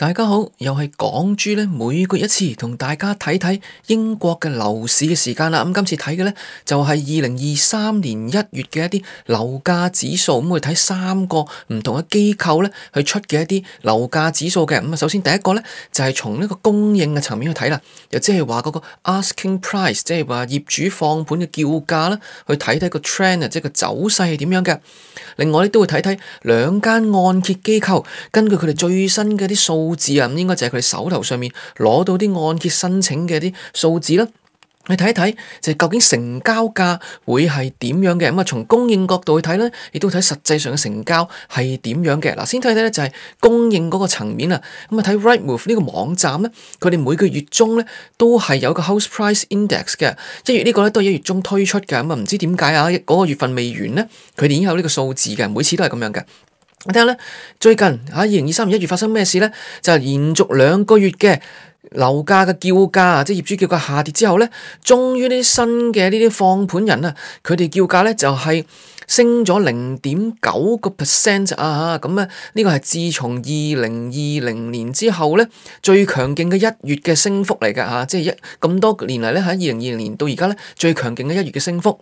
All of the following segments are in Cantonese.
大家好，又係港豬咧，每個月一次同大家睇睇英國嘅樓市嘅時間啦。咁今次睇嘅咧就係二零二三年1月一月嘅一啲樓價指數，咁去睇三個唔同嘅機構咧去出嘅一啲樓價指數嘅。咁啊，首先第一個咧就係從呢個供應嘅層面去睇啦，又即係話嗰個 asking price，即係話業主放盤嘅叫價啦，去睇睇個 trend，即係個走勢係點樣嘅。另外咧都會睇睇兩間按揭機構根據佢哋最新嘅啲數。數字啊，咁應該就係佢手頭上面攞到啲按揭申請嘅啲數字啦。你睇一睇，就係究竟成交價會係點樣嘅。咁啊，從供應角度去睇咧，亦都睇實際上嘅成交係點樣嘅。嗱，先睇睇咧，就係供應嗰個層面啊。咁啊，睇 Rightmove 呢個網站咧，佢哋每個月中咧都係有個 House Price Index 嘅，一月呢個咧都係一月中推出嘅。咁啊，唔知點解啊，嗰個月份未完咧，佢哋已經有呢個數字嘅，每次都係咁樣嘅。我睇下咧，最近喺二零二三年一月發生咩事咧？就係連續兩個月嘅樓價嘅叫價，即係業主叫價下跌之後咧，終於啲新嘅呢啲放盤人啊，佢哋叫價咧就係升咗零點九個 percent 啊！咁啊，呢個係自從二零二零年之後咧最強勁嘅一月嘅升幅嚟㗎吓，即係一咁多年嚟咧喺二零二零年到而家咧最強勁嘅一月嘅升幅。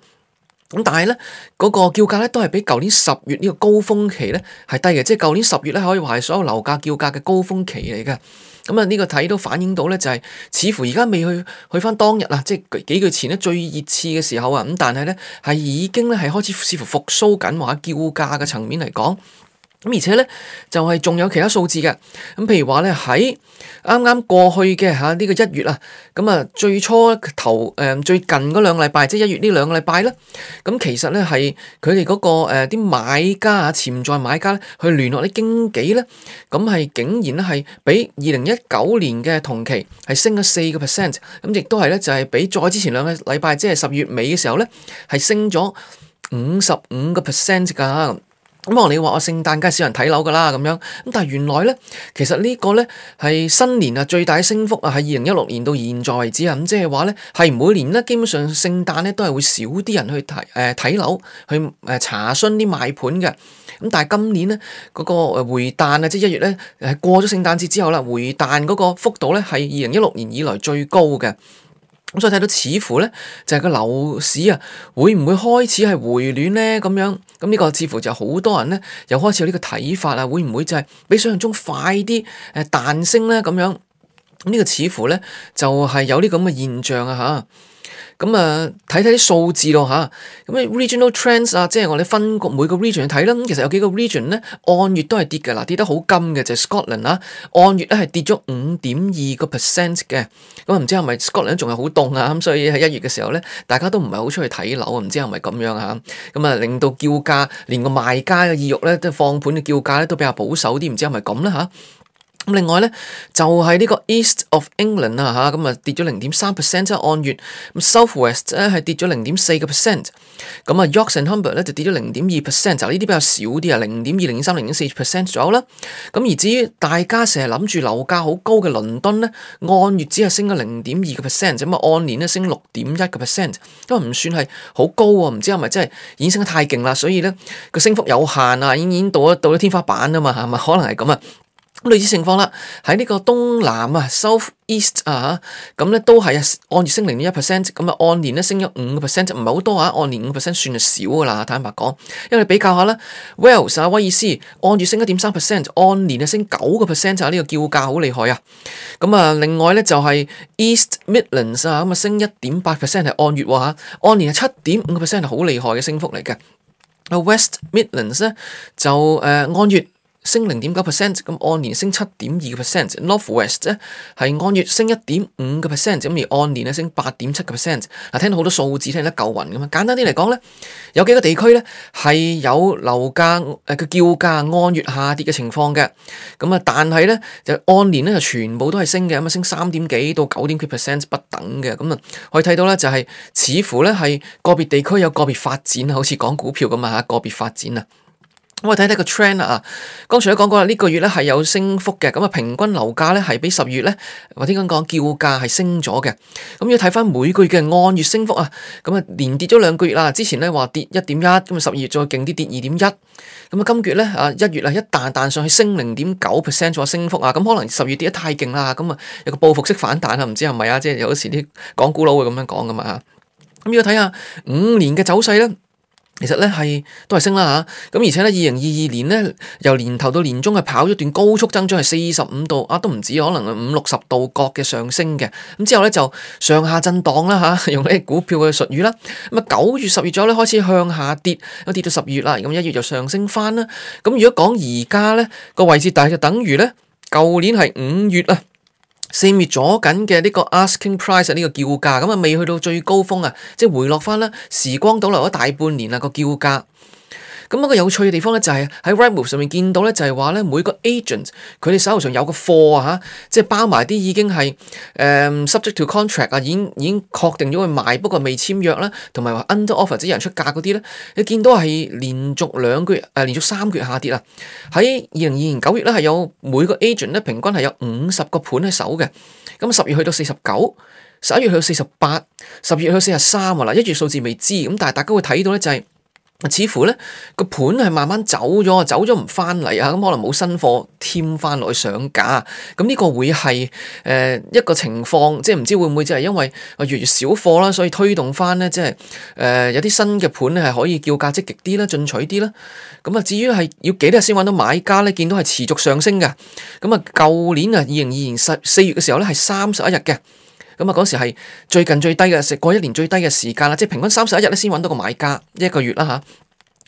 咁但係咧，嗰個叫價咧都係比舊年十月呢個高峰期咧係低嘅，即係舊年十月咧可以話係所有樓價叫價嘅高峰期嚟嘅。咁啊呢個睇都反映到咧，就係似乎而家未去去翻當日啊，即係幾個月前咧最熱刺嘅時候啊。咁但係咧係已經咧係開始似乎復甦緊話叫價嘅層面嚟講。咁而且咧，就係仲有其他數字嘅，咁譬如話咧喺啱啱過去嘅吓呢個一月啊，咁啊最初頭誒最近嗰兩個禮拜，即係一月呢兩個禮拜咧，咁其實咧係佢哋嗰個誒啲買家啊，潛在買家咧去聯絡啲經紀咧，咁係竟然咧係比二零一九年嘅同期係升咗四個 percent，咁亦都係咧就係比再之前兩個禮拜，即係十月尾嘅時候咧係升咗五十五個 percent 噶。咁我你話我聖誕梗係少人睇樓噶啦咁樣，咁但係原來咧，其實呢個咧係新年啊最大升幅啊，係二零一六年到現在為止啊，咁即係話咧係每年咧基本上聖誕咧都係會少啲人去睇誒睇樓去誒查詢啲賣盤嘅，咁但係今年咧嗰個誒回彈啊，即係一月咧係過咗聖誕節之後啦，回彈嗰個幅度咧係二零一六年以來最高嘅。咁所以睇到似乎咧，就係個樓市啊，會唔會開始係回暖咧？咁樣，咁、這、呢個似乎就好多人咧，又開始有呢個睇法啊，會唔會就係比想象中快啲誒彈升咧？咁樣，呢、這個似乎咧就係有啲咁嘅現象啊吓。咁啊，睇睇啲數字咯嚇，咁 Regional Trends 啊，即係我哋分局每個 region 去睇啦。咁其實有幾個 region 咧，按月都係跌㗎啦，跌得好金嘅就係 Scotland 啦，啊，按月咧係跌咗五點二個 percent 嘅。咁唔知係咪 Scotland 仲係好凍啊？咁所以喺一月嘅時候咧，大家都唔係好出去睇樓啊。唔知係咪咁樣吓？咁啊，令到叫價，連個賣家嘅意欲咧即係放盤嘅叫價咧都比較保守啲。唔知係咪咁啦吓？咁另外咧就係、是、呢個 East of England 啊咁啊跌咗零點三 percent 即係按月。咁 South West 咧係跌咗零點四 percent。咁啊 York and Humber 咧就跌咗零點二 percent。就呢啲比較少啲啊，零點二、零點三、零點四 percent 左右啦。咁而至於大家成日諗住樓價好高嘅倫敦咧，按月只係升咗零點二個 percent 啫嘛，按年咧升六點一個 percent 都唔算係好高喎。唔知係咪真係已經升得太勁啦？所以咧個升幅有限啊，已經到咗到咗天花板啊嘛咪可能係咁啊？類似情況啦，喺呢個東南啊，South East 啊嚇，咁咧都係啊，按月升零點一 percent，咁啊按年咧升咗五個 percent，唔係好多啊，按年五 percent 算係少噶啦，坦白講，因為比較下啦，Wales 啊，威爾斯按月升一點三 percent，按年啊升九個 percent 就係呢個叫價好厲害啊，咁啊另外咧就係 East Midlands 啊咁啊升一點八 percent 係按月喎嚇，按年係七點五個 percent 係好厲害嘅升幅嚟嘅，West Midlands 咧就誒按月。按升零點九 percent，咁按年升七點二 percent。Northwest 咧係按月升一點五個 percent，咁而按年咧升八點七個 percent。嗱，聽到好多數字，聽得一嚿雲咁啊！簡單啲嚟講咧，有幾個地區咧係有樓價、呃、叫價按月下跌嘅情況嘅，咁啊，但係咧就按年咧全部都係升嘅，咁啊，升三點幾到九點幾 percent 不等嘅，咁啊，可以睇到咧就係似乎咧係個別地區有個別發展啊，好似講股票咁啊，個別發展啊。咁啊，睇睇個 trend 啊，啊，剛才都講過啦，呢個月咧係有升幅嘅，咁啊，平均樓價咧係比十月咧，或者咁講叫價係升咗嘅，咁要睇翻每個月嘅按月升幅啊，咁啊連跌咗兩個月啦，之前咧話跌一點一，咁啊十二月再勁啲跌二點一，咁啊今月咧啊一月啊一彈彈上去升零點九 percent 咗升幅啊，咁可能十月跌得太勁啦，咁啊有個報復式反彈啊，唔知係咪啊，即係有時啲港股佬會咁樣講噶嘛，咁要睇下五年嘅走勢咧。其實咧係都係升啦吓，咁、啊、而且咧，二零二二年咧，由年頭到年中係跑咗段高速增長45度，係四十五度啊，都唔止，可能五六十度角嘅上升嘅。咁、啊、之後咧就上下震盪啦吓、啊，用呢股票嘅術語啦。咁啊九月十月左右咧開始向下跌，咁跌到十月啦，咁一月就上升翻啦。咁、啊、如果講而家咧個位置，大約等於咧舊年係五月啦四月左緊嘅呢個 asking price 呢個叫價，咁啊，未去到最高峰啊，即係回落翻啦。時光倒流咗大半年啦，個叫價。咁一個有趣嘅地方咧，就係喺 Rightmove 上面見到咧，就係話咧每個 agent 佢哋手頭上有個貨啊，吓，即係包埋啲已經係、呃、subject to contract 啊，已經已經確定咗去賣，不過未簽約啦，同埋話 under offer 即有人出價嗰啲咧，你見到係連續兩個月、呃、連續三個月下跌啦。喺二零二二年九月咧，係有每個 agent 咧平均係有五十個盤喺手嘅。咁十月去到四十九，十一月去到四十八，十二月去到四十三啊啦，一月數字未知。咁但係大家會睇到咧，就係、是。似乎咧個盤係慢慢走咗，走咗唔返嚟啊！咁可能冇新貨添翻落去上架，咁呢個會係誒、呃、一個情況，即係唔知會唔會即係因為越越少貨啦，所以推動翻咧，即係誒、呃、有啲新嘅盤咧係可以叫價積極啲啦，進取啲啦。咁啊，至於係要幾多日先揾到買家咧？見到係持續上升嘅。咁啊，舊年啊，二零二年十四月嘅時候咧係三十一日嘅。咁啊！嗰時係最近最低嘅，食過一年最低嘅時間啦，即平均三十一日咧先揾到個買家，一個月啦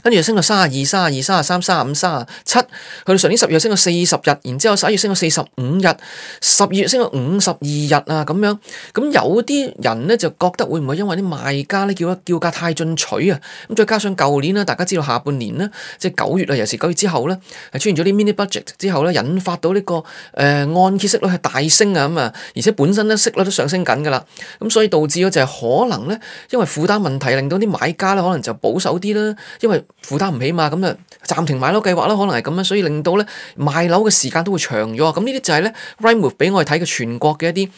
跟住升到三啊二、三啊二、三啊三、三啊五、三啊七，去到上年十月升到四十日，然之後十一月升到四十五日，十二月升到五十二日啊咁樣。咁有啲人咧就覺得會唔會因為啲賣家咧叫價叫價太進取啊？咁再加上舊年咧，大家知道下半年咧，即係九月啊，尤其九月之後咧，出現咗啲 mini budget 之後咧，引發到呢個誒按揭息率係大升啊咁啊，而且本身咧息率都上升緊㗎啦，咁所以導致咗就係可能咧，因為負擔問題，令到啲買家咧可能就保守啲啦，因為負擔唔起嘛，咁啊暫停買樓計劃啦。可能係咁樣，所以令到咧賣樓嘅時間都會長咗，咁呢啲就係咧 Rightmove 俾我哋睇嘅全國嘅一啲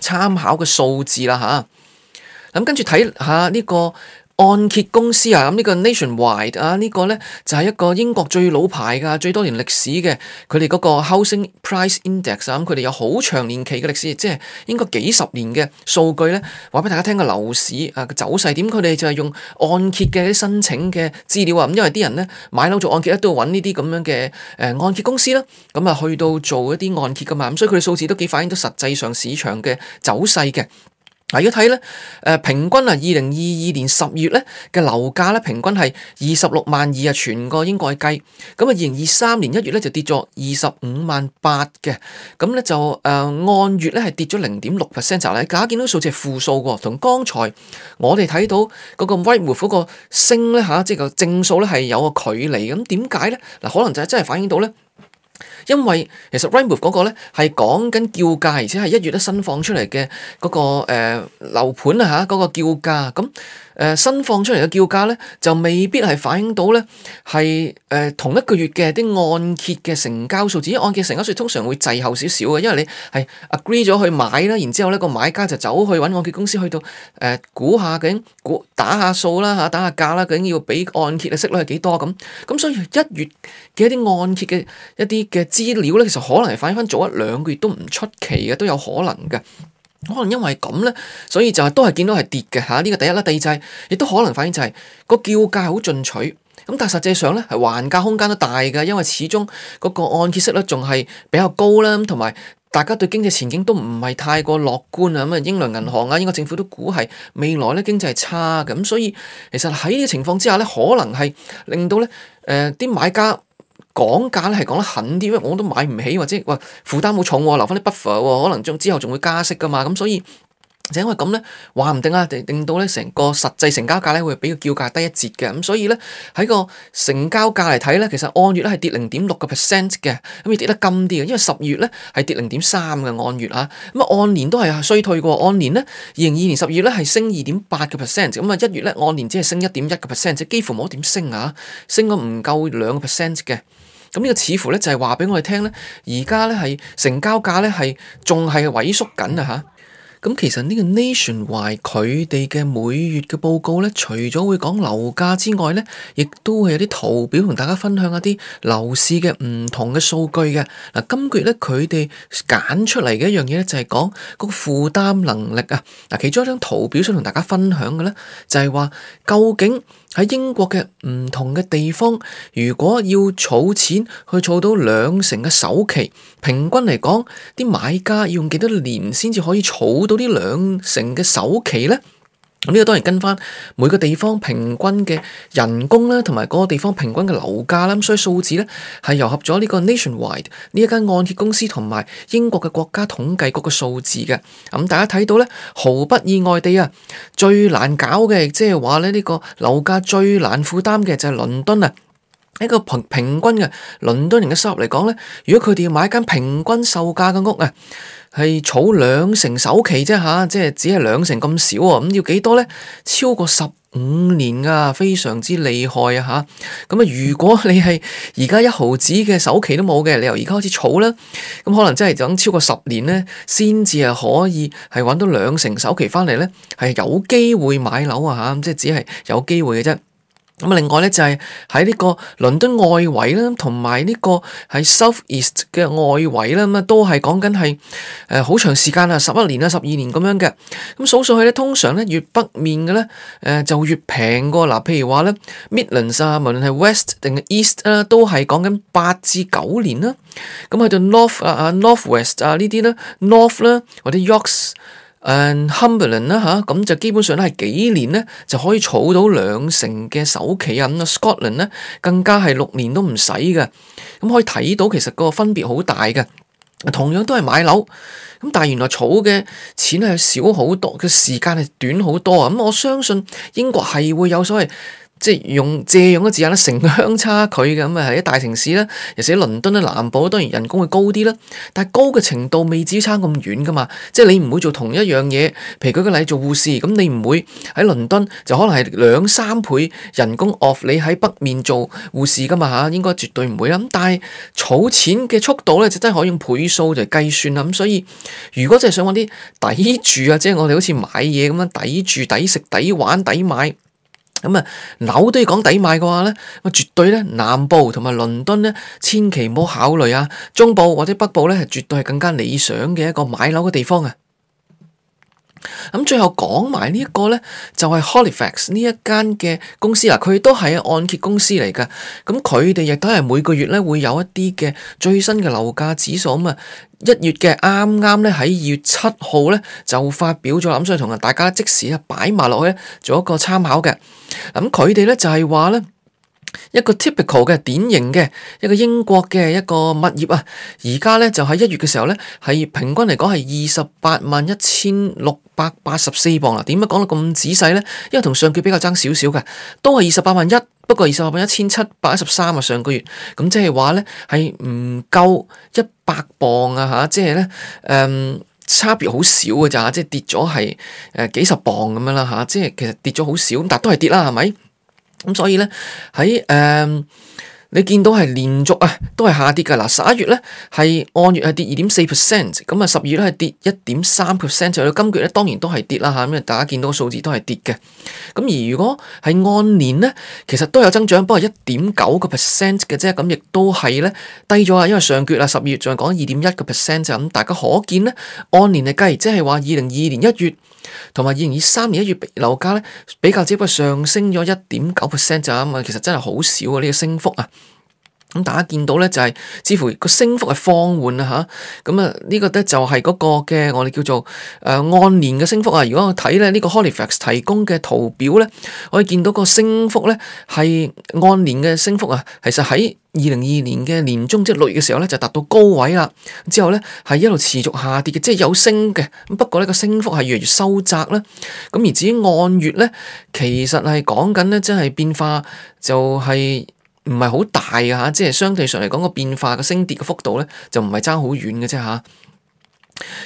參考嘅數字啦吓，咁、啊、跟住睇下呢、呢個。按揭公司啊，咁、這、呢個 Nationwide 啊，呢個呢，就係一個英國最老牌嘅、最多年歷史嘅，佢哋嗰個 Housing Price Index 啊，咁佢哋有好長年期嘅歷史，即係應該幾十年嘅數據呢，話俾大家聽個樓市啊嘅走勢點，佢哋就係用按揭嘅申請嘅資料啊，咁因為啲人呢，買樓做按揭都要揾呢啲咁樣嘅誒按揭公司啦，咁啊去到做一啲按揭噶嘛，咁所以佢哋數字都幾反映到實際上市場嘅走勢嘅。嗱要睇咧，誒平均啊，二零二二年十月咧嘅樓價咧，平均係二十六萬二啊，全個英國計。咁啊，二零二三年一月咧就跌咗二十五萬八嘅，咁咧就誒、呃、按月咧係跌咗零點六 percent 啦。假見到個數字係負數喎，同剛才我哋睇到嗰個 Rightmove 嗰個升咧嚇，即係個正數咧係有個距離。咁點解咧？嗱，可能就係真係反映到咧。因為其實 Rightmove 嗰個咧係講緊叫價，而且係一月都新放出嚟嘅嗰個誒樓盤啊嗰、嗰個叫價咁。誒新放出嚟嘅叫價咧，就未必係反映到咧，係誒同一個月嘅啲按揭嘅成交數字，因為按揭成交數通常會滯後少少嘅，因為你係 agree 咗去買啦，然之後咧個買家就走去揾按揭公司去到誒、呃、估下究竟估打下數啦嚇，打下價啦，究竟要俾按揭嘅息率係幾多咁，咁所以一月嘅一啲按揭嘅一啲嘅資料咧，其實可能係反映翻早一兩個月都唔出奇嘅，都有可能嘅。可能因為咁呢，所以就係都係見到係跌嘅。呢個第一啦，第二就亦、係、都可能反映就係、係、個叫價好進取，咁但係實際上呢，係還價空間都大嘅，因為始終嗰個按揭息率仲係比較高啦，同埋大家對經濟前景都唔係太過樂觀啊。咁啊，英倫銀行啊，英國政府都估係未來呢經濟係差嘅，咁所以其實喺呢個情況之下呢，可能係令到呢誒啲買家。講價咧係講得狠啲，因為我都買唔起，或者話負擔好重，留翻啲 buffer 喎，可能將之後仲會加息噶嘛，咁所以就是、因為咁咧，話唔定啊，定到咧成個實際成交價咧會比個叫價低一截嘅，咁所以咧喺個成交價嚟睇咧，其實按月咧係跌零點六個 percent 嘅，咁要跌得勁啲嘅，因為十月咧係跌零點三嘅按月啊，咁啊按年都係衰退過，按年咧二零二二年十月咧係升二點八個 percent，咁啊一月咧按年只係升一點一個 percent，即幾乎冇一點升啊，升咗唔夠兩個 percent 嘅。咁呢個似乎咧就係話俾我哋聽咧，而家咧係成交價咧係仲係萎縮緊啊吓。咁其實呢個 Nationwide 佢哋嘅每月嘅報告咧，除咗會講樓價之外咧，亦都係有啲圖表同大家分享一啲樓市嘅唔同嘅數據嘅嗱。今個月咧佢哋揀出嚟嘅一樣嘢咧就係講個負擔能力啊嗱，其中一張圖表想同大家分享嘅咧就係話究竟。喺英國嘅唔同嘅地方，如果要儲錢去儲到兩成嘅首期，平均嚟講，啲買家要用幾多年先至可以儲到啲兩成嘅首期咧？咁呢個當然跟翻每個地方平均嘅人工啦，同埋嗰個地方平均嘅樓價啦，咁所以數字咧係糅合咗呢個 Nationwide 呢一間按揭公司同埋英國嘅國家統計局嘅數字嘅。咁大家睇到咧，毫不意外地啊，最難搞嘅，即係話咧呢個樓價最難負擔嘅就係倫敦啊！喺個平平均嘅倫敦人嘅收入嚟講咧，如果佢哋要買一間平均售價嘅屋啊，係儲兩成首期啫吓，即係只係兩成咁少啊，咁要幾多咧？超過十五年啊，非常之厲害啊吓！咁啊，如果你係而家一毫子嘅首期都冇嘅，你由而家開始儲啦，咁可能真係等超過十年咧，先至係可以係揾到兩成首期翻嚟咧，係有機會買樓啊吓，即係只係有機會嘅啫。咁另外咧就係喺呢個倫敦外圍啦，同埋呢個喺 South East 嘅外圍啦，咁啊都係講緊係誒好長時間啦，十一年啊，十二年咁樣嘅。咁數數去咧，通常咧越北面嘅咧誒就越平㗎。嗱、e，譬如話咧，Midlands 啊，無論係 West 定係 East 啦，都係講緊八至九年啦。咁去到 North 啊啊 North West 啊呢啲咧，North 啦或者 Yorks。誒，Humberland 啦吓，咁就、uh, 基本上都係幾年咧，就可以儲到兩成嘅首期啊。咁，Scotland 咧更加係六年都唔使嘅，咁可以睇到其實個分別好大嘅，同樣都係買樓，咁但係原來儲嘅錢係少好多，嘅時間係短好多啊，咁我相信英國係會有所謂。即係用借用嘅字眼成城鄉差距嘅咁啊，喺大城市啦，尤其喺倫敦咧南部，當然人工會高啲啦。但係高嘅程度未至於差咁遠噶嘛。即係你唔會做同一樣嘢，譬如舉個例做護士，咁你唔會喺倫敦就可能係兩三倍人工 off 你喺北面做護士噶嘛嚇，應該絕對唔會啦。咁但係儲錢嘅速度咧，就真係可以用倍數嚟計算啦。咁所以如果真係想揾啲抵住啊，即係我哋好似買嘢咁樣抵住、抵食、抵玩、抵買。咁啊，樓都要講抵買嘅話呢，絕對絕對呢，南部同埋倫敦呢，千祈唔好考慮啊，中部或者北部呢，絕對係更加理想嘅一個買樓嘅地方啊！咁最後講埋呢一個呢就係 Halifax 呢一間嘅公司啦佢都係按揭公司嚟噶。咁佢哋亦都係每個月呢會有一啲嘅最新嘅樓價指數。咁啊，一月嘅啱啱呢，喺二月七號呢，就發表咗，咁所以同大家即時啊擺埋落去做一個參考嘅。咁佢哋呢，就係話呢。一個 typical 嘅典型嘅一個英國嘅一個物業啊，而家咧，就喺一月嘅時候咧，係平均嚟講係二十八萬一千六百八十四磅啦。點解講到咁仔細咧？因為同上個月比較爭少少嘅，都係二十八萬一，不過二十八萬一千七百一十三啊，上個月。咁即係話咧，係唔夠一百磅啊吓，即係咧，誒，差別好少嘅咋，即係跌咗係，誒幾十磅咁樣啦吓，即係其實跌咗好少，但係都係跌啦，係咪？咁、嗯、所以咧喺誒。你見到係連續啊，都係下跌㗎啦。十一月咧係按月係跌二點四 percent，咁啊十二月咧係跌一點三 percent 就。今月咧當然都係跌啦吓，咁啊大家見到個數字都係跌嘅。咁而如果係按年咧，其實都有增長，不過一點九個 percent 嘅啫。咁亦都係咧低咗啊，因為上個月啊十二月仲係講二點一個 percent 就。咁大家可見咧，按年嚟計，即係話二零二二年一月同埋二零二三年一月樓價咧比較，只不過上升咗一點九 percent 就。咁啊，其實真係好少啊呢個升幅啊！咁大家見到咧就係、是，似乎個升幅係放緩啦吓，咁啊，個呢、就是、個咧就係嗰個嘅我哋叫做誒、呃、按年嘅升幅啊。如果我睇咧呢、這個 Halifax 提供嘅圖表咧，我哋見到個升幅咧係按年嘅升幅啊。其實喺二零二二年嘅年中即係六月嘅時候咧就達到高位啦，之後咧係一路持續下跌嘅，即係有升嘅。咁不過呢、那個升幅係越嚟越收窄啦。咁而至於按月咧，其實係講緊咧即係變化就係、是。唔係好大嘅即係相對上嚟講個變化個升跌嘅幅度咧，就唔係爭好遠嘅啫吓，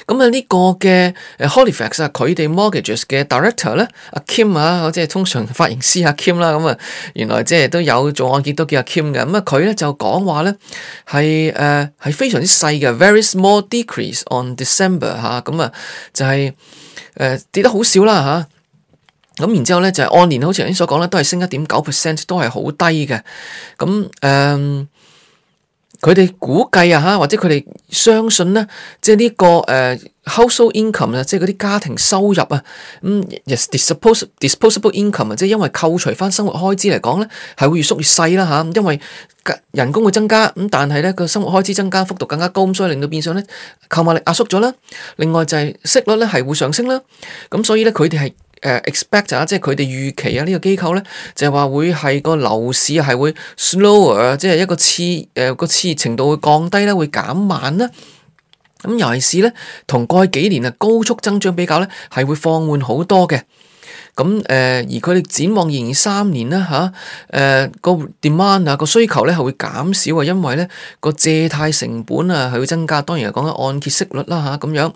咁啊呢個嘅 Halifax 啊，佢哋 mortgages 嘅 director 咧，阿 Kim 啊，即係通常發言師阿、啊、Kim 啦、啊，咁啊原來即係都有做案件都叫阿 Kim 嘅。咁啊佢咧就講話咧係誒係非常之細嘅，very small decrease on December 吓、啊，咁啊就係、是呃、跌得好少啦吓。啊咁然之後咧就係、按年，好似頭先所講啦，都係升一點九 percent，都係好低嘅。咁誒，佢、嗯、哋估計啊嚇，或者佢哋相信咧，即係呢、這個誒、呃、household income 啊，即係嗰啲家庭收入啊，咁、嗯 yes, disposable disposable income 啊，即係因為扣除翻生活開支嚟講咧，係會越縮越細啦嚇，因為人工會增加，咁但係咧個生活開支增加幅度更加高，所以令到變相咧購買力壓縮咗啦。另外就係息率咧係會上升啦。咁所以咧佢哋係。誒即係佢哋預期啊，呢、這個機構咧就係話會係個樓市係會 slower，即係一個熾誒個熾熱程度會降低咧，會減慢啦。咁尤其是咧，同過去幾年啊高速增長比較咧，係會放緩好多嘅。咁誒，而佢哋展望二零二三年啦，嚇、呃，誒個 demand 啊個需求咧係會減少啊，因為咧個借貸成本啊係會增加，當然係講緊按揭息率啦嚇咁樣。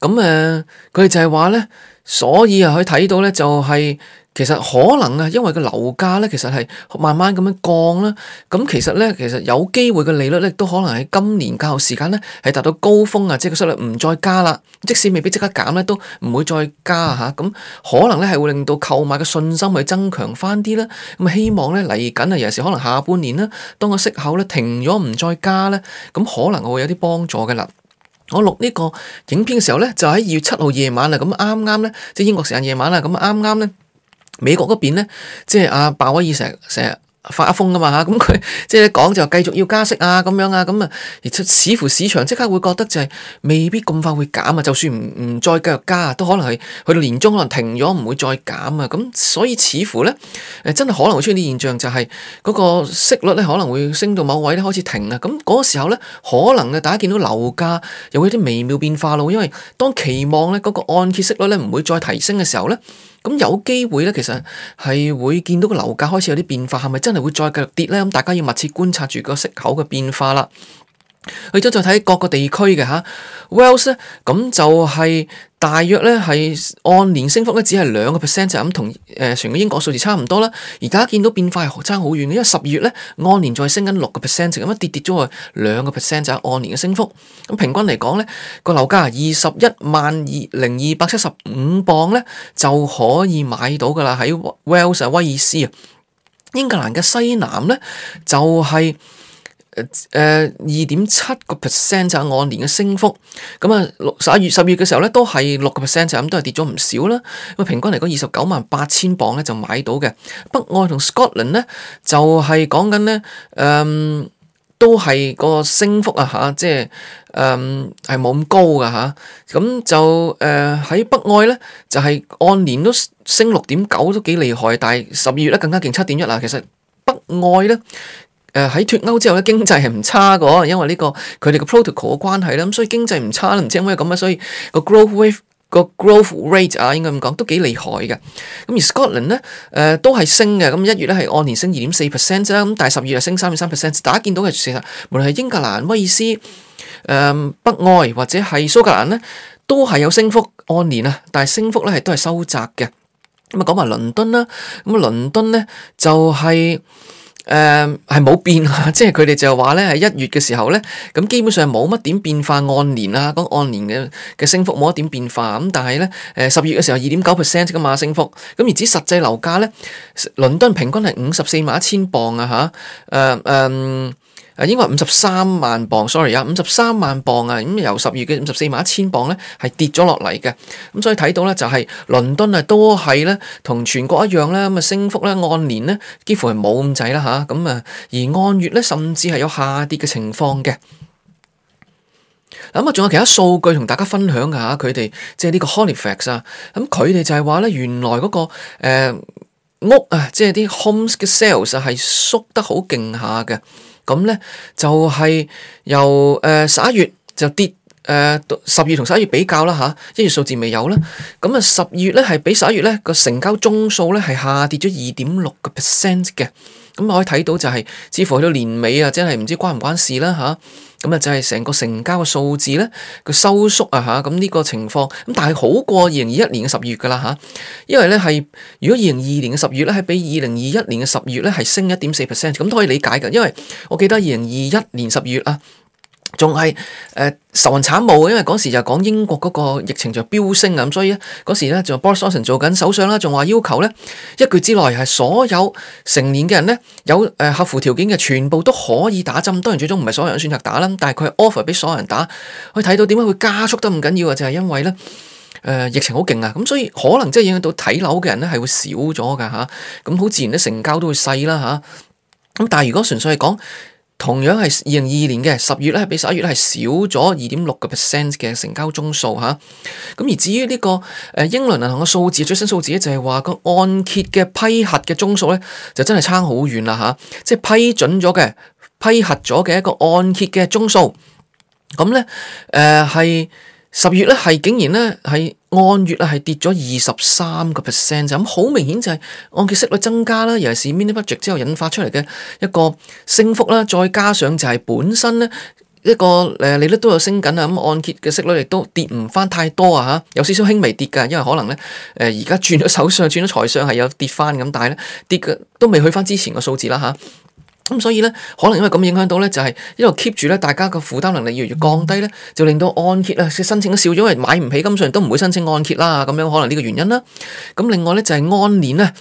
咁、呃、誒，佢哋就係話咧。所以啊，可以睇到咧、就是，就係其實可能啊，因為個樓價咧，其實係慢慢咁樣降啦。咁其實咧，其實有機會嘅利率咧，都可能喺今年較後時間咧，係達到高峰啊，即係個失率唔再加啦。即使未必即刻減咧，都唔會再加吓。咁可能咧係會令到購買嘅信心去增強翻啲啦。咁希望咧嚟緊啊，尤其可能下半年啦，當個息口咧停咗唔再加咧，咁可能我會有啲幫助嘅啦。我錄呢個影片嘅時候咧，就喺二月七號夜晚啦，咁啱啱咧，即係英國時間夜晚啦，咁啱啱咧，美國嗰邊咧，即係阿鮑威爾成日成日。發一瘋㗎嘛嚇，咁佢即係講就繼續要加息啊咁樣啊，咁啊，而似乎市場即刻會覺得就係未必咁快會減啊，就算唔唔再繼續加啊，都可能係去到年終可能停咗，唔會再減啊，咁所以似乎呢，真係可能會出現啲現象，就係，就係嗰個息率呢可能會升到某位呢開始停啊，咁嗰時候呢，可能大家見到樓價又會有啲微妙變化咯，因為當期望呢，嗰、嗰個按揭息率呢唔會再提升嘅時候呢。咁有機會咧，其實係會見到個樓價開始有啲變化，係咪真係會再繼續跌咧？咁大家要密切觀察住個息口嘅變化啦。去咗再睇各個地區嘅吓，Wells 咧，咁就係大約咧係按年升幅咧只係兩個 percent 就咁同誒全個英國數字差唔多啦。而家見到變化係差好遠嘅，因為十二月咧按年再升緊六個 percent，就咁一跌跌咗去兩個 percent 就係按年嘅升幅。咁平均嚟講咧個樓價二十一萬二零二百七十五磅咧就可以買到噶啦喺 Wells 係威爾斯啊，英格蘭嘅西南咧就係、是。誒二點七個 percent 就按、是、年嘅升幅，咁啊六十一月十月嘅時候咧，都係六個 percent 就咁、是，都係跌咗唔少啦。咁平均嚟講，二十九萬八千磅咧就買到嘅。北愛同 Scotland 咧就係講緊咧，誒、嗯，都係個升幅啊吓，即係誒係冇咁高噶吓。咁、啊、就誒喺、呃、北愛咧就係、是、按年都升六點九都幾厲害，但係十二月咧更加勁，七點一啊。其實北愛咧。誒喺脫歐之後咧，經濟係唔差個，因為呢、這個佢哋嘅 protocol 嘅關係啦，咁所以經濟唔差啦，唔知係因為咁啊，所以個 growth wave 個 growth rate 啊，應該咁講都幾厲害嘅。咁而 Scotland 咧，誒、呃、都係升嘅，咁一月咧係按年升二點四 percent 啦，咁但係十月又升三點三 percent。大家見到嘅事實，無論係英格蘭、威爾斯、誒、呃、北愛或者係蘇格蘭咧，都係有升幅按年啊，但係升幅咧係都係收窄嘅。咁啊講埋倫敦啦，咁啊倫敦咧就係、是。誒係冇變啊！即係佢哋就話咧，係一月嘅時候咧，咁基本上冇乜點變化，按年啊，講按年嘅嘅升幅冇乜點變化。咁但係咧，誒十月嘅時候二點九 percent 嘅嘛升幅。咁而止實際樓價咧，倫敦平均係五十四萬一千磅啊！嚇、嗯，誒誒。啊，應該五十三萬鎊，sorry 啊，五十三萬鎊啊，咁由十月嘅五十四萬一千鎊咧，係跌咗落嚟嘅。咁所以睇到咧，就係倫敦啊，都係咧同全國一樣咧，咁啊升幅咧按年咧幾乎係冇咁滯啦吓。咁啊，而按月咧甚至係有下跌嘅情況嘅。咁啊，仲有其他數據同大家分享啊。佢哋即係呢個 Halifax 啊，咁佢哋就係話咧，原來嗰、嗰個、呃、屋啊，即係啲 homes 嘅 sales 啊，係縮得好勁下嘅。咁咧就係由誒十一月就跌誒，十、呃、月同十一月比較啦吓，一月數字未有啦。咁啊，十二月咧係比十一月咧個成交宗數咧係下跌咗二點六個 percent 嘅。咁我可以睇到就係、是，似乎去到年尾關關啊，真係唔知關唔關事啦吓，咁啊就係成個成交嘅數字咧，個收縮啊吓，咁呢個情況，咁但係好過二零二一年嘅十月噶啦吓，因為咧係，如果二零二二年嘅十月咧，係比二零二一年嘅十月咧係升一點四 percent，咁都可以理解嘅。因為我記得二零二一年十月啊。仲係誒愁雲慘霧，因為嗰時就講英國嗰個疫情就飆升啊，咁所以咧嗰時咧就是、Boris Johnson 做緊首相啦，仲話要求咧一月之內係所有成年嘅人咧有誒、呃、合乎條件嘅全部都可以打針。當然最終唔係所有人選擇打啦，但係佢 offer 俾所有人打。可以睇到點解會加速得咁緊要啊？就係、是、因為咧誒、呃、疫情好勁啊，咁所以可能即係影響到睇樓嘅人咧係會少咗㗎嚇，咁好自然咧成交都會細啦嚇。咁但係如果純粹係講。同樣係二零二二年嘅十月咧，比十一月咧係少咗二點六個 percent 嘅成交宗數嚇。咁、啊、而至於呢個誒英倫銀行嘅數字最新數字就係話個按揭嘅批核嘅宗數咧，就真係差好遠啦嚇。即、啊、係、就是、批准咗嘅批核咗嘅一個按揭嘅宗數，咁咧誒係。呃十月咧係竟然咧係按月啊係跌咗二十三個 percent，就咁好明顯就係按揭息率增加啦，尤其是 mini budget 之後引發出嚟嘅一個升幅啦，再加上就係本身咧一個誒利率都有升緊啊，咁按揭嘅息率亦都跌唔翻太多啊吓，有少少輕微跌噶，因為可能咧誒而家轉咗手上轉咗財上係有跌翻咁，但係咧跌嘅都未去翻之前個數字啦吓。咁所以咧，可能因為咁影響到咧，就係、是、一路 keep 住咧，大家個負擔能力越嚟越降低咧，就令到按揭咧申請都少咗，因為買唔起金上都唔會申請按揭啦。咁樣可能呢個原因啦。咁另外咧就係、是、按年啊。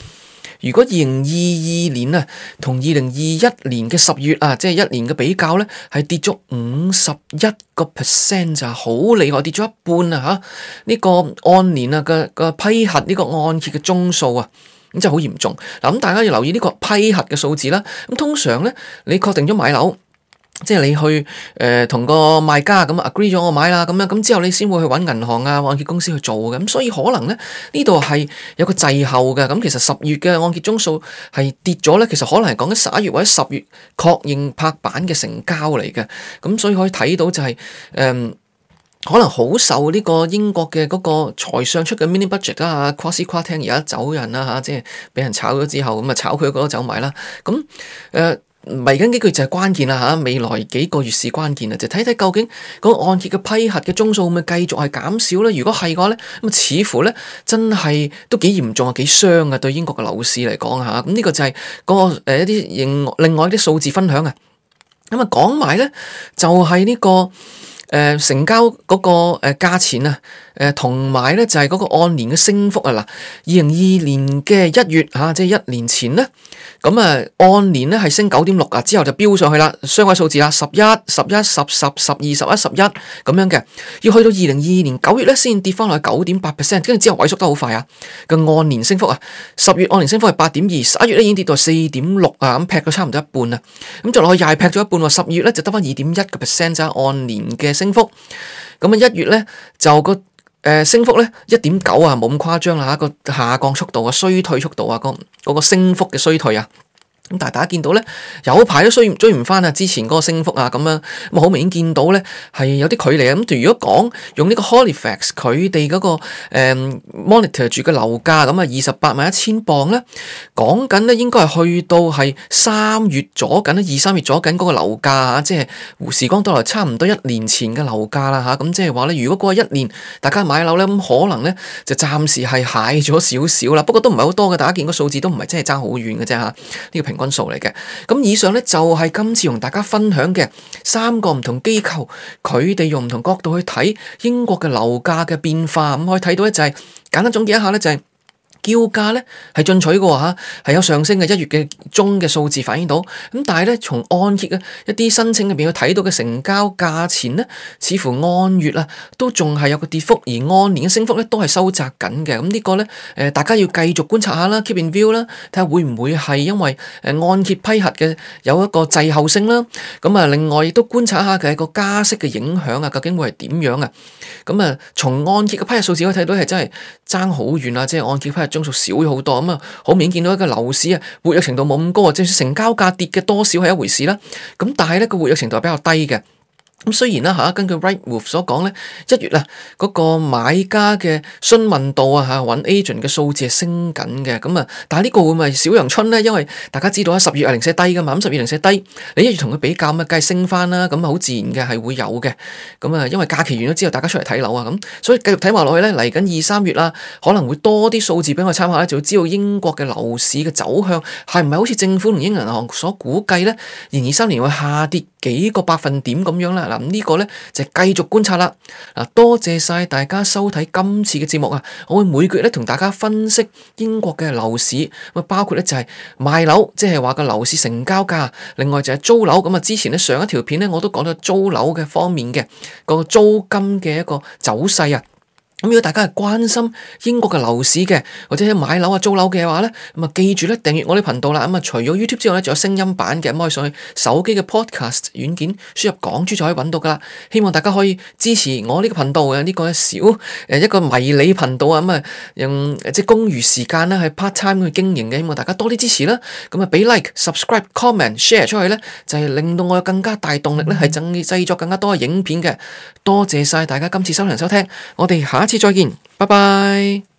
如果二零二二年啊同二零二一年嘅十月啊，即係一年嘅比較咧，係跌咗五十一個 percent 就係好厲害，跌咗一半啊嚇！呢、這個啊那個、個按年啊嘅個批核呢個按揭嘅宗數啊。咁就好嚴重，咁大家要留意呢個批核嘅數字啦。咁通常呢，你確定咗買樓，即係你去誒同、呃、個賣家咁 agree 咗我買啦，咁咁之後你先會去揾銀行啊、按揭公司去做嘅。咁所以可能呢，呢度係有個滯後嘅。咁其實十月嘅按揭宗數係跌咗呢，其實可能係講緊十一月或者十月確認拍板嘅成交嚟嘅。咁所以可以睇到就係、誒嗯可能好受呢個英國嘅嗰個財相出嘅 mini budget 啦，啊跨司跨聽而家走人啦即係俾人炒咗之後，咁啊炒佢嗰個走埋啦。咁誒，微緊幾句就係關鍵啦嚇，未來幾個月是關鍵啊，就睇睇究竟個按揭嘅批核嘅宗數，咪繼續係減少咧。如果係嘅話咧，咁似乎咧真係都幾嚴重啊，幾傷啊，對英國嘅樓市嚟講嚇。咁呢個就係嗰個誒一啲另外啲數字分享啊。咁啊講埋咧就係呢個。誒、呃、成交嗰、那個誒、呃、價錢啊！誒同埋咧就係嗰個按年嘅升幅啊！嗱，二零二二年嘅一月吓，即係一年前咧，咁啊按年咧係升九點六啊，之後就飆上去啦，雙位數字啊，十一、十一、十十、十二、十一、十一咁樣嘅，要去到二零二二年九月咧先跌翻落去九點八 percent，跟住之後萎縮得好快啊！個按年升幅啊，十月按年升幅係八點二，十一月咧已經跌到四點六啊，咁劈咗差唔多一半啊！咁再落去又係劈咗一半喎，十月咧就得翻二點一個 percent 就係、是、按年嘅升幅，咁啊一月咧就、個。升幅咧一點九啊，冇咁誇張啦吓，個下降速度啊，衰退速度啊，個、那、嗰個升幅嘅衰退啊。咁但係大家見到咧，有排都追唔返翻啊，之前嗰個升幅啊，咁啊，咁好明顯見到咧係有啲距離啊。咁如果講用呢個 Halifax 佢哋嗰、嗰個、嗯、monitor 住嘅樓價咁啊，二十八萬一千鎊咧，講緊咧應該係去到係三月左緊啦，二三月左緊嗰個樓價啊，即係時光到來差唔多一年前嘅樓價啦吓，咁即係話咧，如果過一年大家買樓咧，咁可能咧就暫時係蟹咗少少啦。不過都唔係好多嘅，大家見個數字都唔係真係爭好遠嘅啫吓。呢、這個均數嚟嘅，咁以上咧就係今次同大家分享嘅三個唔同機構，佢哋用唔同角度去睇英國嘅樓價嘅變化，咁可以睇到咧就係、是、簡單總結一下咧就係、是。叫價咧係進取嘅喎嚇，係有上升嘅一月嘅中嘅數字反映到。咁但係咧，從按揭嘅一啲申請入面去睇到嘅成交價錢咧，似乎按月啊都仲係有個跌幅，而按年嘅升幅咧都係收窄緊嘅。咁呢個咧誒，大家要繼續觀察下啦，keep in view 啦，睇下會唔會係因為誒按揭批核嘅有一個滯後性啦。咁啊，另外亦都觀察下佢一個加息嘅影響啊，究竟會係點樣啊？咁啊，從按揭嘅批核數字可以睇到係真係爭好遠啊，即係按揭批核。宗數少咗好多，咁、嗯、啊，好明顯見到一個樓市啊活躍程度冇咁高啊，即使成交價跌嘅多少係一回事啦，咁但係咧個活躍程度係比較低嘅。咁雖然啦、啊、根據 Rightmove 所講咧，一月啊嗰、嗰個買家嘅詢問度啊嚇揾 agent 嘅數字係升緊嘅，咁啊，但係呢個會唔會係小陽春咧？因為大家知道啊，十二月零舍低噶嘛，咁十二月零舍低，你一月同佢比較咪計升翻啦，咁啊好自然嘅係會有嘅，咁啊，因為假期完咗之後，大家出嚟睇樓啊，咁所以繼續睇埋落去咧，嚟緊二三月啦、啊，可能會多啲數字俾我參考咧，就要知道英國嘅樓市嘅走向係唔係好似政府同英銀行所估計咧，二零二三年會下跌幾個百分點咁樣啦。咁呢個呢，就是、繼續觀察啦。嗱，多謝晒大家收睇今次嘅節目啊！我會每個月呢，同大家分析英國嘅樓市，咁啊包括呢就係賣樓，即係話個樓市成交價。另外就係租樓，咁啊之前呢，上一條片呢，我都講咗租樓嘅方面嘅個租金嘅一個走勢啊。咁、嗯、如果大家係關心英國嘅樓市嘅，或者係買樓啊、租樓嘅話呢，咁啊記住呢，訂閱我啲頻道啦。咁、嗯、啊，除咗 YouTube 之外呢，仲有聲音版嘅，咁、嗯、可以上去手機嘅 Podcast 軟件，輸入港豬就可以揾到噶啦。希望大家可以支持我呢個頻道嘅呢、呢個小誒一個迷你頻道啊。咁、嗯、啊，用即係公餘時間呢，係 part time 去經營嘅。希望大家多啲支持啦。咁、嗯、啊，俾 like、subscribe、comment、share 出去呢，就係、是、令到我有更加大動力呢，係製製作更加多嘅影片嘅。多謝晒大家今次收聽收聽，我哋下一次。下次再見，拜拜。